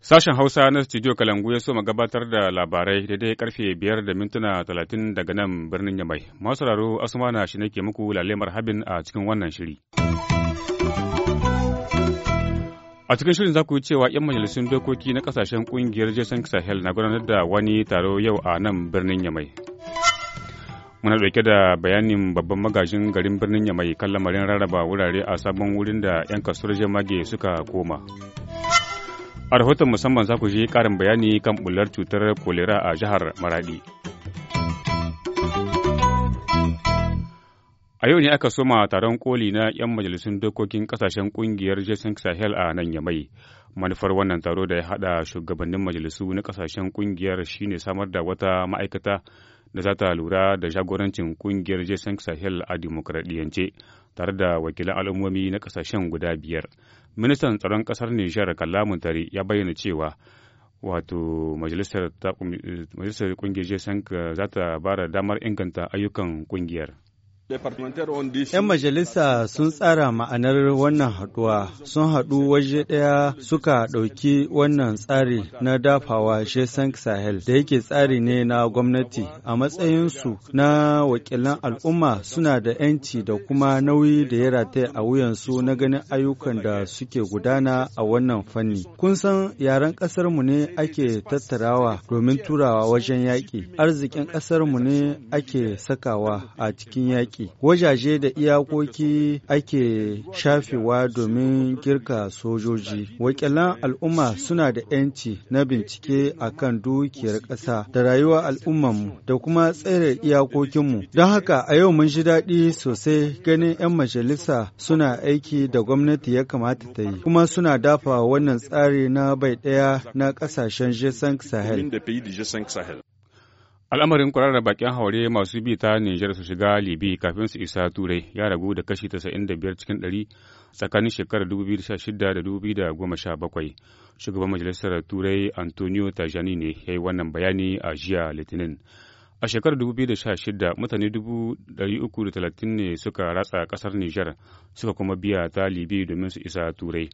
Sashen Hausa na studio Kalangu ya so gabatar da labarai daidai karfe biyar da mintuna talatin daga nan birnin Yamai. Masu raro na shi ke muku lalemar habin a cikin wannan shiri. A cikin shirin za ku yi cewa 'yan majalisun dokoki na kasashen kungiyar Jason Sahel na gudanar da wani taro yau a nan birnin Yamai. Muna ɗauke da bayanin babban magajin garin birnin Yamai kan lamarin rarraba wurare a sabon wurin da 'yan kasuwar jemage suka koma. A rahoton musamman za ku je ƙarin bayani kan bular cutar kolera a jihar Maradi. A yau ne aka soma taron koli na 'yan majalisun dokokin kasashen kungiyar Jason Sahel a nan Yamai. Manufar wannan taro da ya haɗa shugabannin majalisu na kasashen kungiyar shine samar da wata ma'aikata da za ta lura da jagorancin kungiyar Jason Sahel a dimokuraɗiyance tare da wakilan al'ummomi na kasashen guda biyar. Ministan tsaron ƙasar Nijar Kallamun Tare ya bayyana cewa wato majalisar kungiyar Jason eh, za ta bara damar inganta ayyukan kungiyar. 'Yan majalisa sun tsara ma'anar wannan haɗuwa, sun haɗu waje ɗaya suka ɗauki wannan tsari na dafawa Shesank Sahel da yake tsari ne na gwamnati a matsayinsu na wakilan al'umma suna da 'yanci da kuma nauyi da ya rataya a wuyansu na ganin ayyukan da suke gudana a wannan fanni. Kun san yaren ƙasarmu ne ake tattarawa domin turawa wajen yaƙi, arzikin ƙasarmu ne ake sakawa a cikin yaƙi. yaƙi wajaje da iyakoki ake shafewa domin girka sojoji wakilan al'umma suna da 'yanci na bincike a kan dukiyar ƙasa da rayuwar al'ummanmu da kuma tsere iyakokinmu don haka a yau mun ji daɗi sosai ganin 'yan majalisa suna aiki da gwamnati ya kamata ta yi kuma suna dafa wannan tsari na bai ɗaya na ƙasashen sahel Al'amarin kwararra bakin haure masu bi ta Nijar su shiga Libi kafin su isa Turai ya ragu da kashi 95 cikin 100 tsakanin shekarar 2016 da 2017. Shugaban Majalisar Turai Antonio Tajani ne ya yi wannan bayani a jiya Litinin. A shekarar 2016 mutane 330 ne suka ratsa kasar Nijar suka kuma biya ta Libi domin su isa Turai.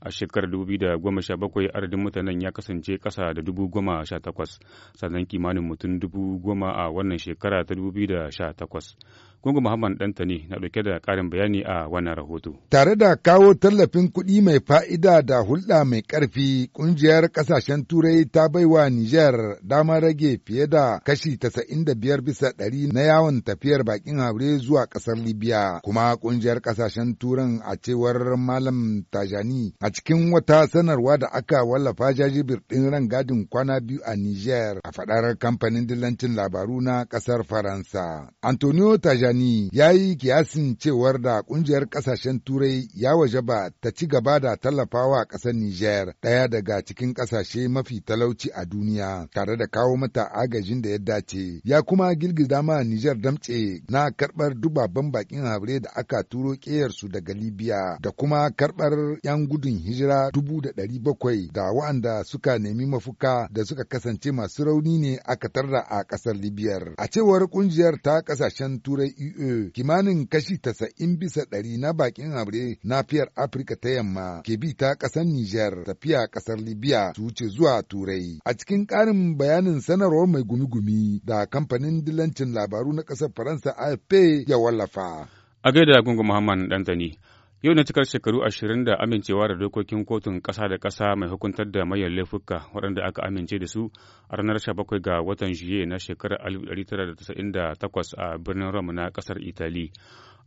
a shekarar 2017 adadin mutanen ya kasance kasa da 18,000 sannan kimanin mutum 10,000 a wannan shekara ta 2018 Gungun Muhammad Dantani na ɗauke da ƙarin bayani a wannan rahoto. Tare da kawo tallafin kuɗi mai fa'ida da hulɗa mai ƙarfi, ƙungiyar ƙasashen Turai ta baiwa Nijar dama rage fiye da kashi tasa'in da biyar bisa ɗari na yawon tafiyar bakin haure zuwa ƙasar Libya. Kuma ƙungiyar ƙasashen Turan a cewar Malam Tajani a cikin wata sanarwa da aka wallafa jajibir ɗin rangadin kwana biyu a Nijar a faɗar kamfanin dillancin labaru na ƙasar Faransa. Antonio Tajani Tijani ya yi kiyasin cewar da ƙungiyar ƙasashen Turai ya waje ba ta ci gaba da tallafawa ƙasar Nijar ɗaya daga cikin ƙasashe mafi talauci a duniya tare da kawo mata agajin da ya dace. Ya kuma girgiza ma Nijar damce na karɓar dubaban bakin habre da aka turo ƙeyarsu daga Libya da kuma karɓar 'yan gudun hijira dubu da ɗari bakwai da wa'anda suka nemi mafuka da suka kasance masu rauni ne aka tarra a ƙasar Libiyar. A cewar ƙungiyar ta ƙasashen Turai EU kimanin kashi tasa'in bisa ɗari na bakin habre na Afirka ta yamma ke bi ta ƙasar Nijar tafiya ƙasar Libya su wuce zuwa Turai. A cikin ƙarin bayanin sanarwar mai gumi-gumi da kamfanin dilancin labaru na ƙasar Faransa AFP ya wallafa. A gaida Gungun Muhammad Dantani. Yau na cikar shekaru ashirin da amincewa da dokokin kotun ƙasa da ƙasa mai hukuntar da mayan laifuka waɗanda aka amince da su a ranar 17 ga watan Juye na shekarar 1998 a birnin Rome na ƙasar Itali.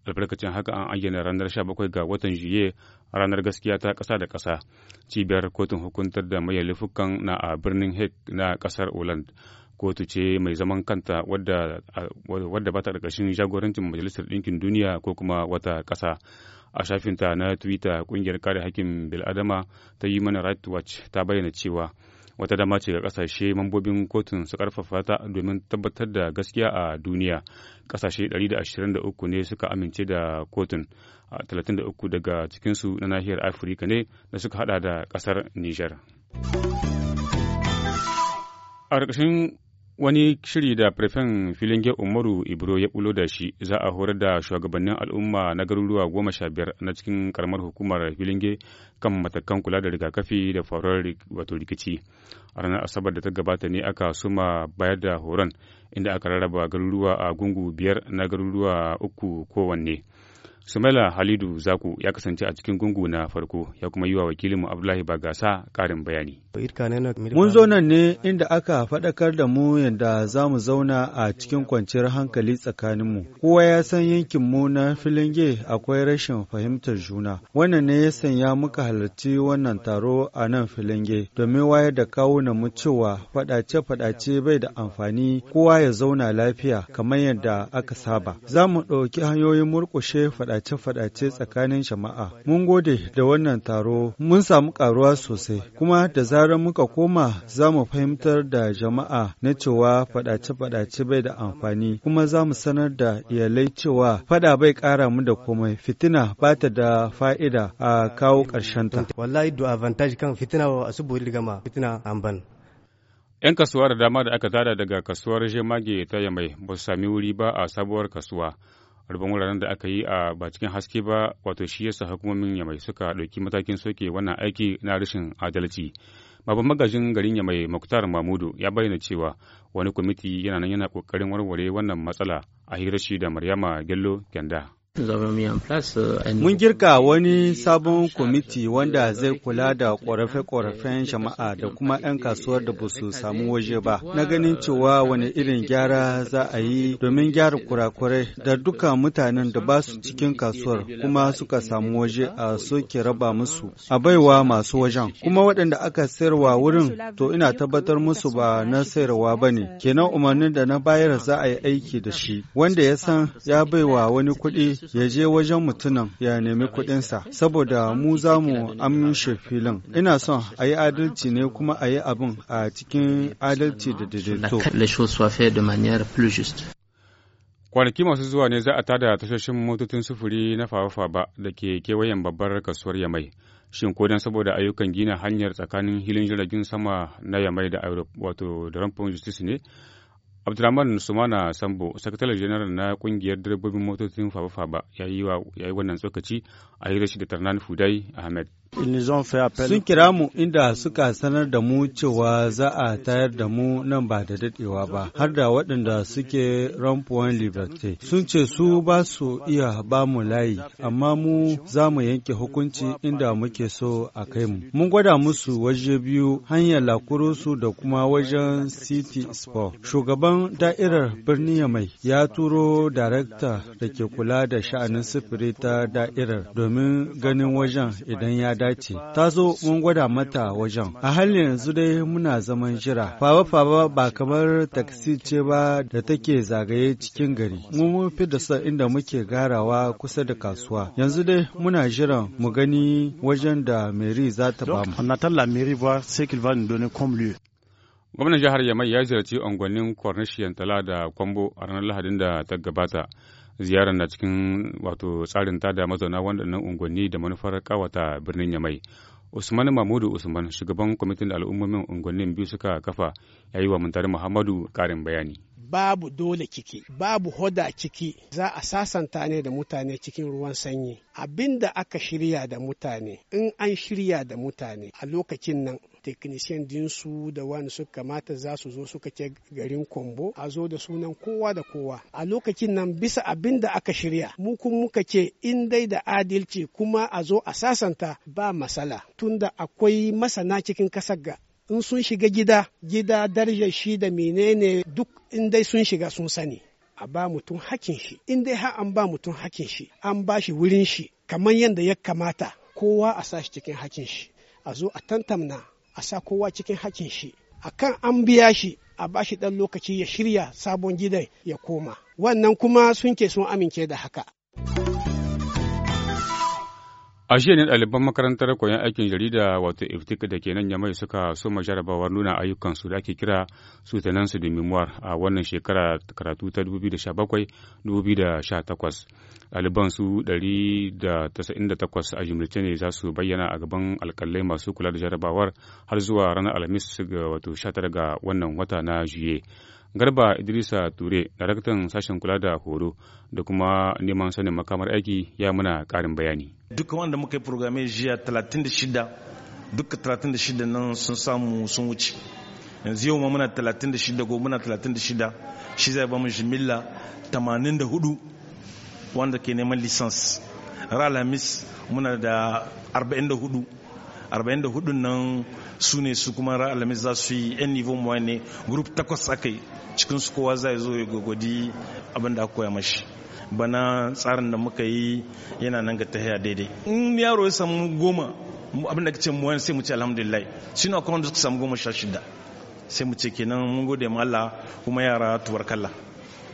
Albarkacin haka an ayyana ranar 17 ga watan Juye ranar gaskiya ta ƙasa da ƙasa. Cibiyar kotun hukuntar da mayan laifukan na a birnin Hague na ƙasar Holland. kotu ce mai zaman kanta wadda ba ta ƙarƙashin jagorancin majalisar ɗinkin duniya ko kuma wata ƙasa a shafinta na twitter kungiyar kare hakkin bil'adama ta human rights watch ta bayyana cewa wata dama ce ga kasashe mambobin kotun su karfafa ta domin tabbatar da gaskiya a duniya kasashe 123 ne suka amince da kotun 33 daga cikinsu na nahiyar afirka ne da suka hada da kasar niger a ƙarƙashin Wani shiri da filin Filinge Umaru Ibro ya bulo da shi za a horar da shugabannin al'umma na garuruwa goma sha biyar na cikin karamar hukumar Filinge kan matakan kula da rigakafi da faruwar wato rikici. A ranar Asabar da ta gabata ne aka suma bayar da horon inda aka rarraba garuruwa a gungu biyar na garuruwa uku kowanne. Sumaila Halidu Zaku ya kasance a cikin gungu na farko ya kuma yi wa wakilinmu Abdullahi Bagasa karin bayani. Mun zo nan ne inda aka faɗakar da mu yadda za mu zauna a cikin kwanciyar hankali tsakaninmu. Kowa ya san yankin mu na Filinge akwai rashin fahimtar juna. Wannan ne ya sanya muka halarci wannan taro a nan Filinge domin wayar da kawo na mu cewa faɗace-faɗace bai da amfani kowa ya zauna lafiya kamar yadda aka saba. Za mu ɗauki hanyoyin murƙushe faɗace faɗace-faɗace tsakanin jama'a. Mun gode da wannan taro, mun samu ƙaruwa sosai, kuma da zarar muka koma za mu fahimtar da jama'a na cewa faɗace-faɗace bai da amfani, kuma za mu sanar da iyalai cewa faɗa bai ƙara mu da komai, fitina ba ta da fa'ida a kawo ta. Wallahi do advantage kan fitina wa gama fitina amban. 'Yan kasuwa da dama da aka tada daga kasuwar Jemage ta Yamai ba su sami wuri ba a sabuwar kasuwa. rabon wuraren da aka yi a ba cikin haske ba wato shi yasa hukumomin yamai suka ɗauki matakin soke wannan aiki na rashin adalci babban magajin garin yamai muktar mamudu ya bayyana cewa wani kwamiti yana nan yana ƙoƙarin warware wannan matsala a hirashi shi da maryama gello kyanda Euh, Mun girka wani sabon kwamiti wanda zai kula da ƙorafe-ƙorafen jama'a da kuma 'yan kasuwar da ba su samu waje ba. Na ganin euh, cewa wani irin gyara za a yi domin gyara kurakurai da duka euh, mutanen da ba su cikin kasuwar kuma suka samu waje ah, a soke raba musu a baiwa masu wajen. Kuma waɗanda aka sayarwa wurin to ina tabbatar musu ba na sayarwa ba ne. Kenan umarnin da na bayar za a yi aiki da shi. Wanda ya san ya baiwa wani kuɗi ya je wajen mutumin ya nemi kuɗinsa saboda mu za mu amince filin ina son a yi adalci ne kuma a yi abin a cikin adalci da daidaito kwanaki masu zuwa ne za a tada tashoshin motocin sufuri na fafa da ke kewayen babbar kasuwar yamai shin ko saboda ayyukan gina hanyar tsakanin hilin jiragen sama na yamai da wato da justice ne Abdulrahman Sumana Sambo, sakataren janar na kungiyar direbobin motocin faba-faba ya yi wannan tsokaci a yi shi da Tarnan Fudai Ahmed. Sun kira mu inda suka sanar da mu cewa za a tayar da mu nan ba da daɗewa ba, har da waɗanda suke rampuwan Liberté. Sun ce su ba su iya ba mu layi, amma mu za mu yanke hukunci inda muke so a kai mu. Mun gwada musu waje biyu hanyar Lakurusu da kuma wajen City Sport. Shugaban da'irar birni mai ya turo darakta da ke kula da sha'anin sufuri ta da'irar domin ganin wajen idan ya dace ta zo mun gwada mata wajen a halin yanzu dai muna zaman jira fawa fawa ba kamar taksi ce ba da take zagaye cikin gari mun fi da sa inda muke garawa kusa da kasuwa yanzu dai muna jiran mu gani wajen da mary za ta mu gwamnan jihar yamai ya ziyarci unguwannin kwarnishiyan tala da kwambo a ranar lahadin da ta gabata ziyarar na cikin wato tsarin tada mazauna waɗannan unguwanni da manufar kawata birnin yamai usman mahmudu usman shugaban kwamitin al'ummomin unguwannin biyu suka kafa ya yi wa muhammadu ƙarin bayani babu dole kike babu hoda ciki za a sasanta ne da mutane cikin ruwan sanyi abin da aka shirya da mutane in an shirya da mutane a lokacin nan teknisiyan dinsu da wani suka kamata za su zo suka ce garin kombo a zo da sunan kowa da kowa a lokacin nan bisa abin da aka shirya mu kun muka ce in dai da adalci kuma a zo a sasanta ba masala tunda akwai masana cikin kasar ga in sun shiga gida gida darajar shi da menene duk in sun shiga sun sani a ba mutum hakin shi in dai har an ba mutum hakin shi an ba shi wurin shi kamar yadda ya kamata kowa a sa shi cikin hakin shi a zo a tantamna a sa kowa cikin hakin shi a kan an biya shi a ba shi ɗan lokaci ya shirya sabon gidan ya koma wannan kuma sun ke sun amince da haka A jiya ne ɗaliban makarantar koyon aikin jarida wato iftik da ke nan yamai suka soma jarabawar nuna ayyukansu da ake kira sutanansu da memoir a wannan shekara karatu ta 2017-2018. Ɗaliban su 198 a jimilce ne za su bayyana a gaban alkalai masu kula da jarabawar har zuwa ranar Alhamis ga wato 19 ga wannan wata na Juye. Garba Idrisa Ture, daraktan sashen kula da horo da kuma neman sanin makamar aiki ya muna ƙarin bayani. Duka wanda muka yi programme jiya 36 duka 36 nan sun samu sun wuce. yanzu yau ma muna 36 ko muna 36 shi zai ba mu jimilla 84 wanda ke neman lisans alhamis muna da 44 44 nan su ne su kuma ran alhamis za su yi yan nivon mawa ne grup takwas aka yi cikin su kowa zai zo ya gwagwadi abin da aka koya mashi bana tsarin da muka yi yana nan ga tahiya daidai in yaro ya samu goma abin da kace muwa sai mu ce alhamdulillah shine akwai wanda suka samu goma sha shida sai mu ce kenan mun gode ma Allah kuma yara tuwar kalla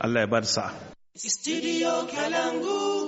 Allah ya ba da sa'a Studio Kalangu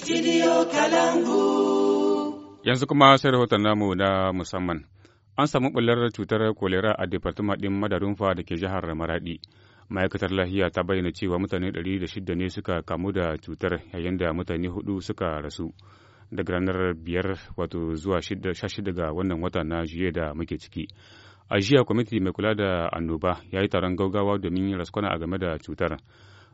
Studio Kalangu. Yanzu kuma sai rahoton namu na musamman. An samu bullar cutar kolera a departama ɗin Madarunfa da ke jihar Maradi. Ma'aikatar lahiya ta bayyana cewa mutane ɗari shida ne suka kamu da cutar yayin da mutane hudu suka rasu. Daga ranar biyar wato zuwa shida ga wannan wata na jiye da muke ciki. A jiya kwamiti mai kula da annoba ya yi taron gaugawa domin raskwana a game da cutar.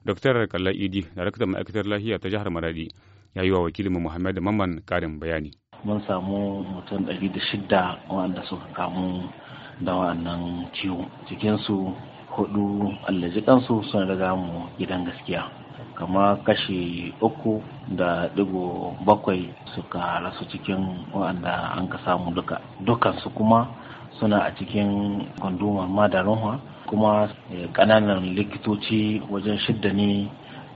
Dr. Kalla Idi, darakta ma'aikatar lahiya ta jihar Maradi, ya yi wa wakilinmu Muhammad Maman karin bayani. Mun samu mutum ɗari da shidda waɗanda suka kamu da wannan ciwo cikinsu hudu allaji kansu sun riga mu gidan gaskiya kama kashi uku da digo bakwai suka rasu cikin waɗanda an ka samu duka dukansu kuma suna a cikin gundumar madarunwa kuma eh, ƙananan likitoci wajen shidda ne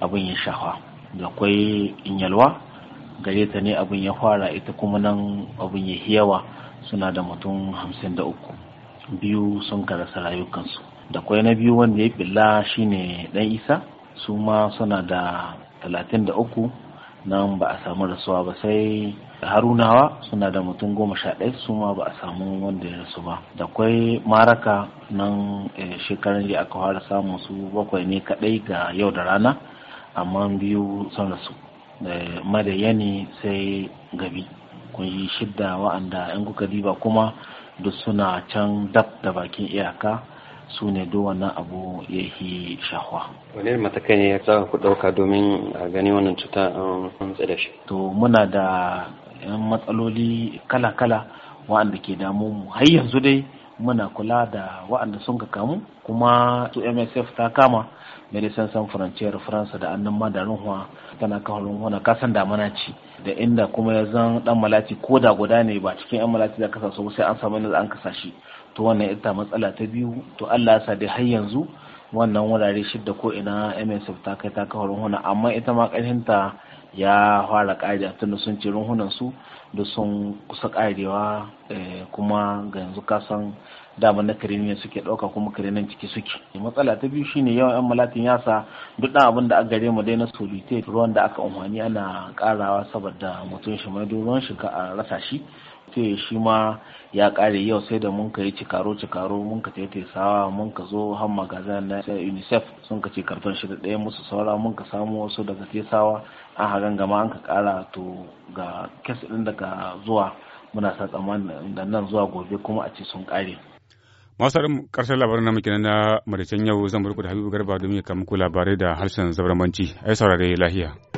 abin ya shafa da kwai inyalwa gare ta ne abin ya fara ita kuma nan abin ya yawa suna da mutum hamsin da uku biyu sun karasa rayukansu da kwai na biyu wanda ya billa shine dan isa su ma suna da talatin da uku nan ba a samu rasuwa ba sai harunawa suna da mutum goma sha ɗaya su ma ba a samu wanda ya rasu ba da kwai maraka nan eh, shekaran da aka fara samun su bakwai ne kaɗai ga yau da rana amma biyu sun rasu eh, madayani sai gabi kun yi shidda wa'anda yan kuka diba kuma duk suna can dab da bakin iyaka su ne duk wannan abu ya yi shahwa. wani matakai ne ya tsaka ku ɗauka domin a gani wannan cuta an da shi. to muna da yan matsaloli kala-kala wa'anda ke damu mu har yanzu dai muna kula da wa'anda sun ka kamu kuma su msf ta kama medecin san frontier france da annan ma da runhuwa tana kan runhuwa kasan damana ce da inda kuma ya zan dan malati ko da guda ne ba cikin yan malati da kasa so sai an samu da an kasa shi to wannan ita matsala ta biyu to Allah ya sa dai har yanzu wannan wurare shidda ko ina MSF ta kai ta kawo runhuna amma ita ma ta ya fara a tunda sun ce runhunan su da sun kusa karewa eh, kuma ga yanzu kasan daman na kare ne suke ɗauka kuma karenan ciki suke matsala ta biyu shine yawan yan malatin yasa duk ɗan abin da aka gare mu dai na solite ruwan da aka umarni ana karawa saboda mutum shi mai ruwan shi ka a rasa shi ce shi ma ya kare yau sai da mun ka yi cikaro cikaro mun ka tete sawa mun ka zo har magazin na unicef sun ka ce karton shi da ɗaya musu saura mun ka samu wasu daga tesawa an hagan gama an ka kara to ga kes ɗin daga zuwa muna sa tsammanin da nan zuwa gobe kuma a ce sun kare masu harin karshen labarin na makinan na maricen yau zan barku da habibu garba domin ya kama ku labarai da harshen zabramanci ai saurare lahiya